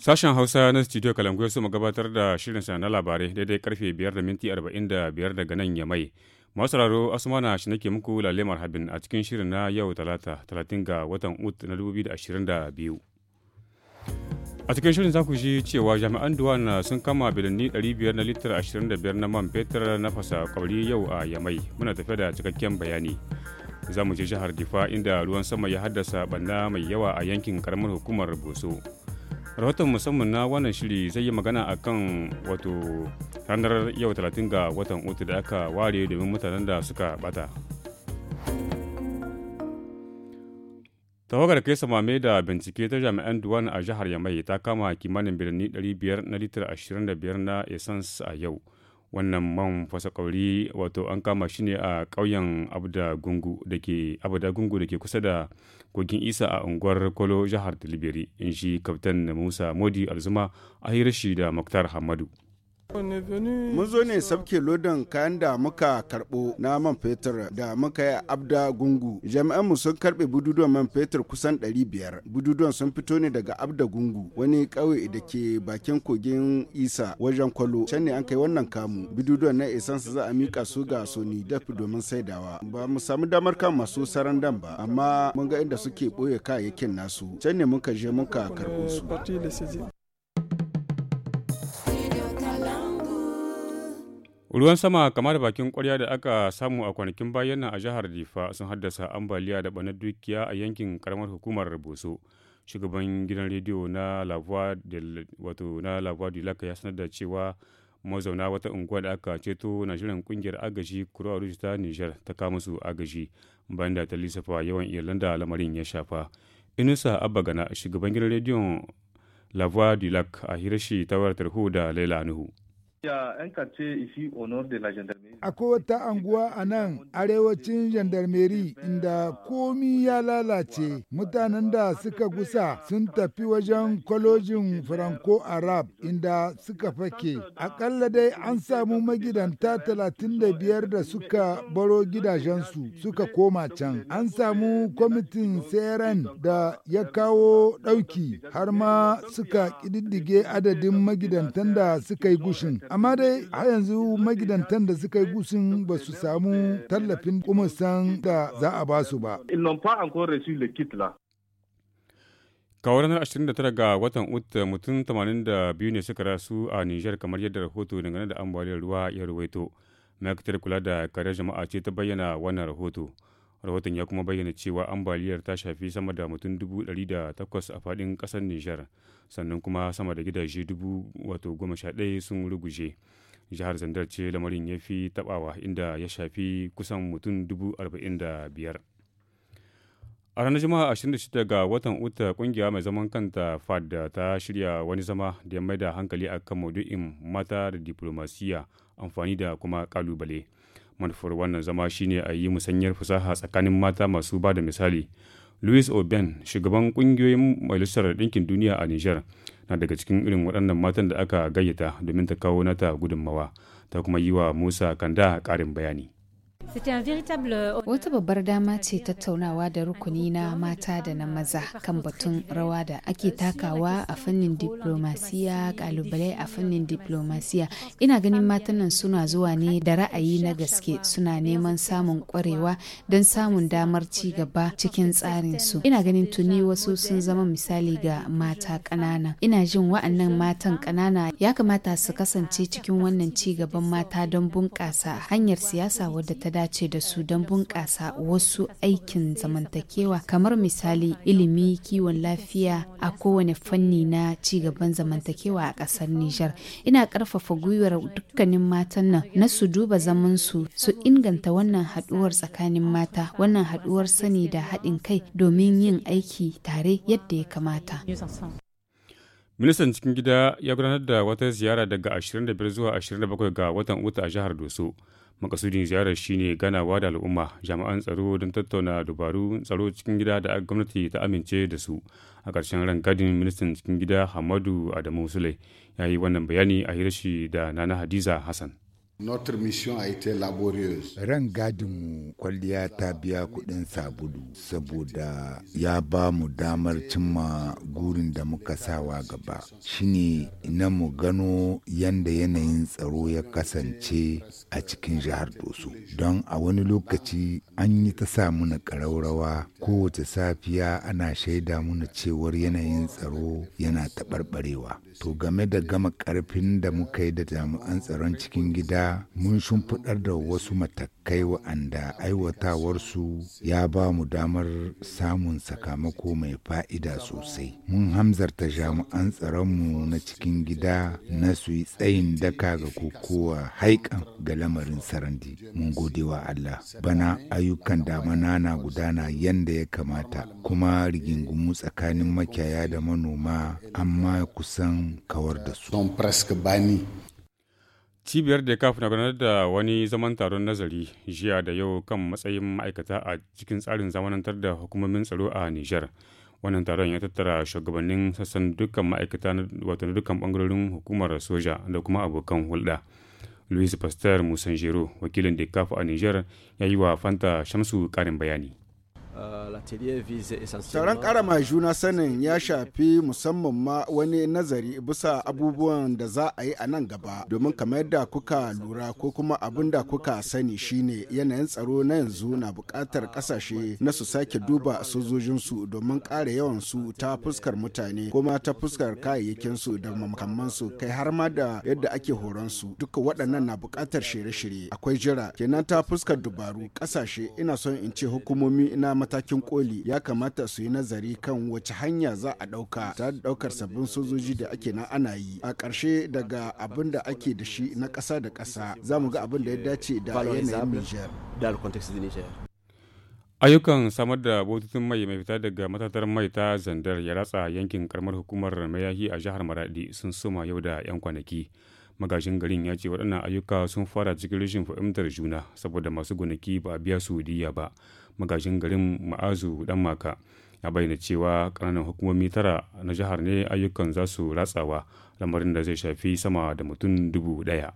Sashen Hausa na Studio Kalangu ya mu gabatar da shirin sa na labarai daidai karfe 5 daga nan ya mai. Masu raro Asmana shi nake muku lalemar habin a cikin shirin na yau talata 30 ga watan Ut na 2022. A cikin shirin za ku ji cewa jami'an duwana sun kama bilanni 500 na litar 25 na man fetur na fasa kwauri yau a Yamai. Muna tafe da cikakken bayani. Za mu je jihar Difa inda ruwan sama ya haddasa banna mai yawa a yankin karamar hukumar Boso. rahoton musamman na wannan shiri zai yi magana a kan wato ranar yau 30 ga watan otu da aka ware domin mutanen da suka bata tawagar kai samame da bincike ta jami'an duwan a jihar yamai ta kama kimanin birni 500 na litar 25 na essence a yau wannan man fasa kauri wato an kama shi ne a ƙauyen abda gungu da ke kusa da kogin isa a unguwar kolo jihar tilbiri in shi kaftan musa modi alzuma a hirashi da muktar hamadu Mun zo ne sabke lodin kayan da muka karɓo na man fetur da muka yi abda gungu. jami'an mu sun karɓe bududuwan man fetur kusan 500. Bududuwan sun fito ne daga abda gungu wani kauye da ke bakin kogin isa wajen kwalo. Can ne an kai wannan kamu. Bududuwan na isan su za a mika su ga Sony daf domin saidawa. Ba mu samu damar kan masu saran dan ba amma mun ga inda suke boye kayayyakin nasu. Can ne muka je muka karbo su. Ruwan sama kamar bakin kwarya da aka samu a kwanakin bayan nan a jihar Difa sun haddasa ambaliya da banar dukiya a yankin karamar hukumar Boso. Shugaban gidan rediyo na Lavoie wato na Lavoie de Lac ya sanar da cewa mazauna wata unguwa da aka ceto na shirin kungiyar agaji Kura Rouge ta Niger ta kama su agaji bayan da ta lissafa yawan iyalan da lamarin ya shafa. Inusa Abba Gana shugaban gidan rediyon Lavoie de Lac a hirashi ta wayar tarho da Laila Nuhu. Akwai wata anguwa a nan arewacin jandarmeri inda komi ya lalace mutanen da suka gusa sun tafi wajen kwalojin Franco Arab inda suka fake. Akalla dai an samu magidanta talatin da biyar da suka baro gidajensu suka koma can. An samu kwamitin seren da ya kawo ɗauki har ma suka ƙididdige adadin magidantan da suka yi gushin. Amma dai har yanzu magidantan da suka yi gusin ba su samu tallafin kumusan da za a ba su ba. kawo ranar 29 ga watan ut mutum 82 ne suka rasu a nijar kamar yadda rahoto dangane da ambaliyar ruwa ya ruwaito ma'aikatar kula da kare jama'a ce ta bayyana wannan rahoto rahoton ya kuma bayyana cewa ambaliyar ta shafi sama da mutum dubu dari da takwas a fadin kasar nijar sannan kuma sama da gidaje dubu wato goma sha daya sun ruguje jihar zandar ce lamarin ya fi tabawa inda ya shafi kusan mutum dubu arba'in da biyar a ranar juma'a 26 ga watan uta kungiya mai zaman kanta fad ta shirya wani zama da ya mai da hankali akan maudu'in mata da diplomasiya amfani da kuma kalubale. manufar wannan zama shine a yi musanyar fasaha tsakanin mata masu ba da misali louis oben shugaban kungiyoyin majalisar ɗinkin duniya a niger na daga cikin irin waɗannan matan da aka gayyata domin ta kawo nata gudunmawa ta kuma yi wa musa kanda ƙarin bayani Wata babbar dama ce tattaunawa da rukuni na mata da na maza kan batun rawa da ake takawa a fannin diplomasiya kalubale a fannin diplomasiya. Ina ganin matan nan suna zuwa ne da ra'ayi na gaske suna neman samun kwarewa don samun damar ci gaba cikin tsarin su. Ina ganin tuni wasu sun zama misali ga mata ƙanana. Ina jin wa'annan matan ƙanana ya kamata su kasance cikin wannan ci gaban mata don bunƙasa hanyar siyasa wadda ta dace dace da su don bunƙasa wasu aikin zamantakewa kamar misali ilimi kiwon lafiya a kowane fanni na cigaban zamantakewa a ƙasar Nijar. Ina ƙarfafa gwiwar dukkanin matan nan na su duba zaman su su inganta wannan haɗuwar tsakanin mata wannan haɗuwar sani da haɗin kai domin yin aiki tare yadda ya kamata. Ministan cikin gida ya gudanar da wata ziyara daga 25 zuwa 27 ga watan Uta a jihar Doso. Makasudin ziyarar shine ganawa da al'umma, jami'an tsaro don tattauna dabarun tsaro cikin gida da gwamnati ta amince da su. A ƙarshen rangadin ministan cikin gida Hamadu Adamu Sule ya yi wannan bayani a hirashi da Nana Hadiza Hassan. Notre mission a été laborieuse. Ran gadinmu kwalliya ta biya kuɗin sabulu saboda ya ba mu damar cimma gurin da muka sawa gaba. Shine na mu gano yanda yanayin tsaro ya kasance a cikin jihar Doso. Don a wani lokaci an yi ta sa muna ƙaraurawa kowace safiya ana shaida muna cewar yanayin tsaro yana taɓarɓarewa. To game da gama ƙarfin da muka yi da jami'an tsaron cikin gida mun shimfiɗar da wasu matakai wa'anda aiwatawarsu ya ba mu damar samun sakamako mai fa'ida sosai. Mun hamzarta jami'an tsaronmu na cikin gida na su yi tsayin daka ga kokowa haikan ga lamarin sarandi. Mun gode wa Allah. Bana ayyukan damana na gudana yanda ya kamata kuma rigingumu tsakanin makiyaya da manoma amma kusan kawar da su. cibiyar da kafin na gudanar da wani zaman taron nazari jiya da yau kan matsayin ma'aikata a cikin tsarin zamanantar da hukumomin tsaro a Niger wannan taron ya tattara shugabannin sassan dukkan ma'aikata wato na dukkan bangarorin hukumar soja da kuma abokan hulɗa louis pasteur musanjero wakilin da kafa a Niger ya yi wa fanta shamsu karin bayani Euh, Taron karama juna sanin ya shafi musamman ma wani nazari bisa abubuwan da za a yi a nan gaba domin kamar yadda kuka lura ko kuma abin da kuka sani shine yanayin tsaro na yanzu na bukatar kasashe na su sake duba sojojinsu domin ƙara yawan su ta fuskar mutane kuma ta fuskar kayayyakin su da makamansu kai har ma da yadda ake horon su duka waɗannan na bukatar shirye-shirye akwai jira kenan ta fuskar dubaru kasashe ina son in ce hukumomi na matakin koli ya kamata su yi nazari kan wace hanya za a ɗauka ta ɗaukar sabbin sojoji da ake na ana yi a ƙarshe daga abin da ake da shi na ƙasa da ƙasa za mu ga abin da ya dace da yanayin Niger. ayyukan samar da bututun mai mai fita daga matatar mai ta zandar ya ratsa yankin karamar hukumar mayahi a jihar maradi sun suma yau da 'yan kwanaki magajin garin ya ce waɗannan ayyuka sun fara cikin rashin fahimtar juna saboda masu gonaki ba a biya su diya ba magajin garin ma'azu dan maka ya bayyana cewa ƙananan hukumomi tara na jihar ne ayyukan za su ratsawa lamarin da zai shafi sama da mutum dubu ɗaya.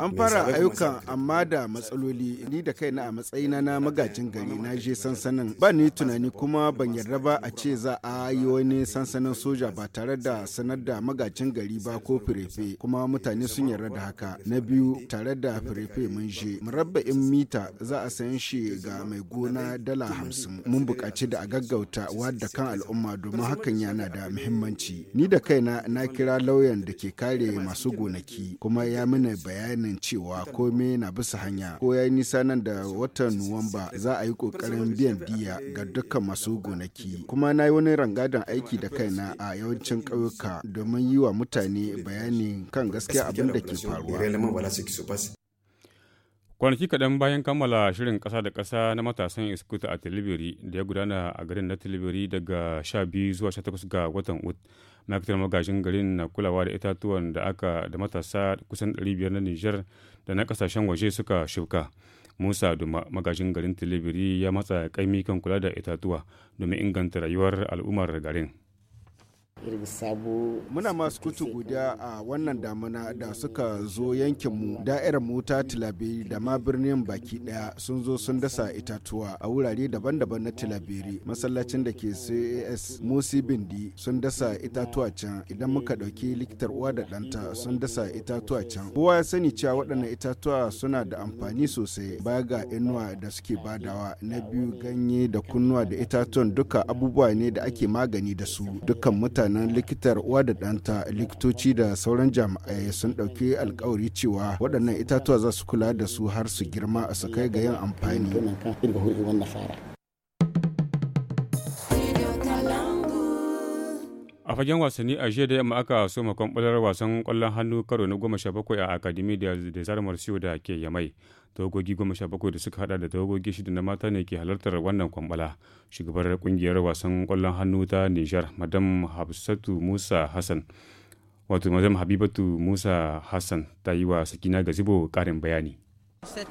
An fara ayyukan amma da matsaloli ni da kaina a matsayina na magajin gari na je sansanin ba ni tunani kuma ban yarda ba a ce za a yi wani sansanin soja ba tare da sanar da magajin gari ba ko firefe kuma mutane sun yarda da haka. Na biyu tare da firefe mun je murabba'in mita za a sayan shi ga mai gona dala hamsin. Mun buƙaci da a gaggauta wadda kan al'umma domin hakan yana da muhimmanci. Ni da kaina na kira lauyan da ke kare masu gonaki. kuma ya mana bayanin cewa komai na bisa hanya ko ya yi nisa nan da watan nuwamba za a yi kokarin biyan diya ga dukkan masu gonaki kuma na yi wani rangadan aiki da kaina a yawancin ƙauyuka domin yi wa mutane bayani kan gaskiya abin da ke faruwa kwanaki kaɗan bayan kammala shirin ƙasa da ƙasa na matasan iskuta a tilibiri da ya gudana a garin na tilibiri daga 12 zuwa 18 ga watan ut ma'aikatar magajin garin na kulawa da itatuwan da aka da matasa kusan 500 na nijar da na ƙasashen waje suka shuka musa duma magajin garin tilibiri ya matsa kaimi kan kula da itatuwa domin inganta rayuwar al'ummar garin Muna masu kutu guda a wannan damuna da suka zo yankinmu da'ir mota tilabiri da ma birnin baki daya sun zo sun dasa itatuwa a wurare daban-daban na tilabiri masallacin da ke cas musi bindi sun dasa itatuwa can idan muka dauki likitar uwa da danta sun dasa itatuwa can kowa ya sani cewa waɗannan itatuwa suna da amfani sosai baya ga inuwa da suke badawa na biyu ganye da kunnuwa da itatuwan duka abubuwa ne da ake magani da su dukkan mutane mutanen likitar uwa da ɗanta likitoci da sauran jami'ai sun ɗauki alkawari cewa waɗannan itatuwa za su kula da su har su girma a sakai ga yin amfani. a fagen wasanni a jiya da yamma aka soma kwamɓalar wasan kwallon hannu karo na goma sha bakwai a akademi da desar siyo da ke yamai tawagogi goma sha bakwai da suka hada da tawagogi shida na mata ne ke halartar wannan kwambala shugabar kungiyar wasan kwallon hannu ta nijar madam habsatu musa hassan wato madam habibatu musa hassan ta yi wa sakina gazibo karin bayani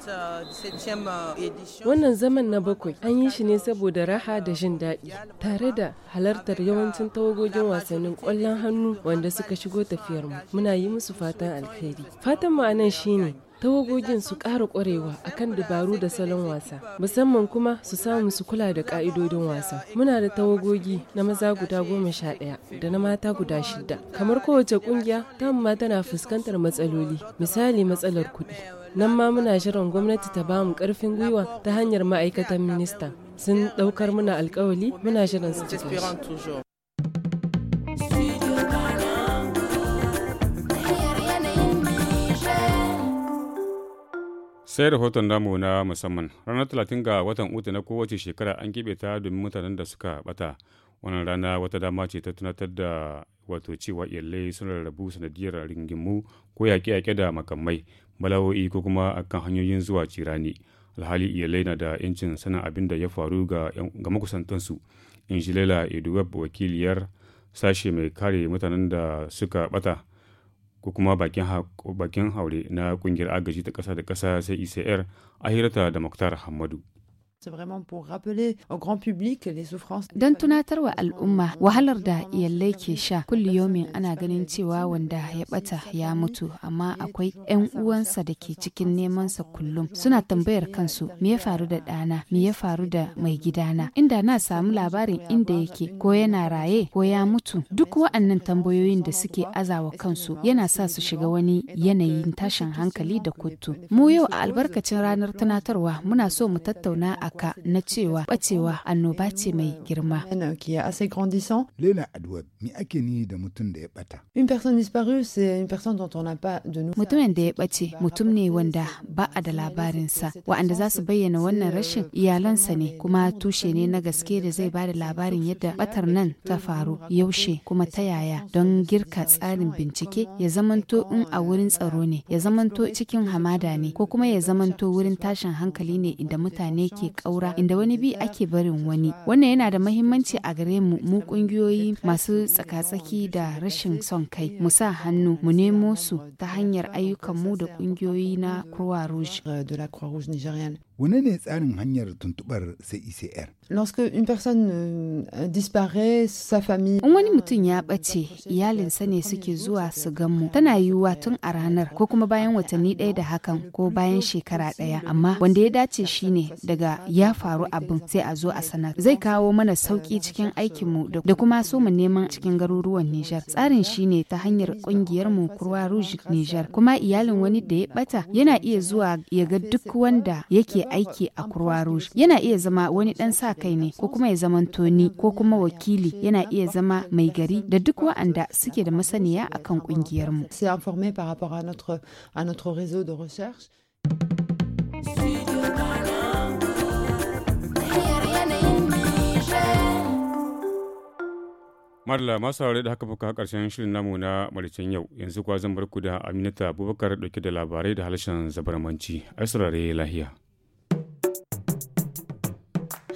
Euh, euh, Wannan zaman na bakwai an yi shi ne saboda raha da jin daɗi tare da halartar yawancin tawagogin wasannin ƙwallon hannu wanda suka shigo tafiyar mu muna yi musu fatan alheri. Fatan nan shi ne tawagogin su ƙara ƙwarewa kan dabaru da salon wasa musamman kuma su samu su kula da ƙa'idodin wasa muna da tawagogi na maza guda goma sha ɗaya da na mata guda shida kamar kowace ƙungiya ta ma tana fuskantar matsaloli misali matsalar kuɗi nan ma muna shirin gwamnati ta bamu karfin gwiwa ta hanyar ma'aikatan minista sun daukar muna alkawali muna shirin su sai rahoton namu na musamman ranar talatin ga watan uta na kowace shekara an keɓe ta domin mutanen da suka bata wannan rana wata dama ce ta tunatar da wato cewa iyalai sun rarrabu sanadiyar ringimu ko yaƙe-yaƙe da makamai bala'o'i ko kuma akan hanyoyin zuwa cirani alhali iyalai na da yancin sanin abin da ya faru ga makusantansu in ji laila eduweb wakiliyar sashe mai kare mutanen da suka bata ko kuma bakin haure na kungiyar agaji ta ƙasa da ƙasa sai icr e a hirata da muktar hamadu don tunatarwa al'umma wahalar da iyalai ke sha kulliyomin ana ganin cewa wanda ya bata ya mutu amma akwai 'yan uwansa da ke cikin nemansa kullum suna tambayar kansu me ya faru da ɗana me ya faru da mai gidana inda na samu labarin inda yake ko yana raye ko ya mutu duk wa'annan tambayoyin da suke azawa kansu yana sa su shiga wani yanayin tashin hankali da kuttu mu yau a albarkacin ranar tunatarwa muna so mu tattauna a haka na cewa bacewa annoba ce mai girma. Lela Edward, mi ake ni da mutum da ya bata? Mutumin da ya bace mutum ne wanda ba a da labarinsa, wa'anda za su bayyana wannan rashin iyalansa ne kuma tushe ne na gaske da zai ba da labarin yadda batar nan ta faru yaushe kuma ta yaya don girka tsarin bincike ya zamanto in a wurin tsaro ne, ya zamanto cikin hamada ne ko kuma ya zamanto wurin tashin hankali ne inda mutane ke ƙaura inda wani bi ake barin wani wannan yana da mahimmanci a gare mu mu kungiyoyi masu tsakatsaki da rashin son kai mu sa hannu mu nemo su ta hanyar ayyukan mu da kungiyoyi na Croix Rouge. Euh, Wane ne tsarin hanyar tuntubar CICR? E Lorsque une personne euh, disparaît, sa famille. In wani mutum ya ɓace, iyalinsa ne suke zuwa su mu. Tana yiwuwa tun a ranar ko kuma bayan watanni ɗaya da hakan ko bayan shekara ɗaya. Amma wanda ya dace shine daga ya faru abin sai a zo a sanar. Zai kawo mana sauƙi cikin aikinmu da kuma so mu neman cikin garuruwan Nijar. Tsarin shine ta hanyar mu Kurwa Rouge Nijar. Kuma iyalin wani da ya ɓata yana iya zuwa ya ga duk wanda yake aiki a Croix Rouge yana iya zama wani dan sa kai ne ko kuma ya zama toni ko kuma wakili yana iya zama mai gari da duk wa'anda suke da masaniya akan kungiyar mu. marla masu saurare da haka fuka karshen shirin namu na maricin yau yanzu kwa zan bar ku da Aminata Abubakar ɗauke da labarai da harshen zabarmanci. Ai saurare lahiya.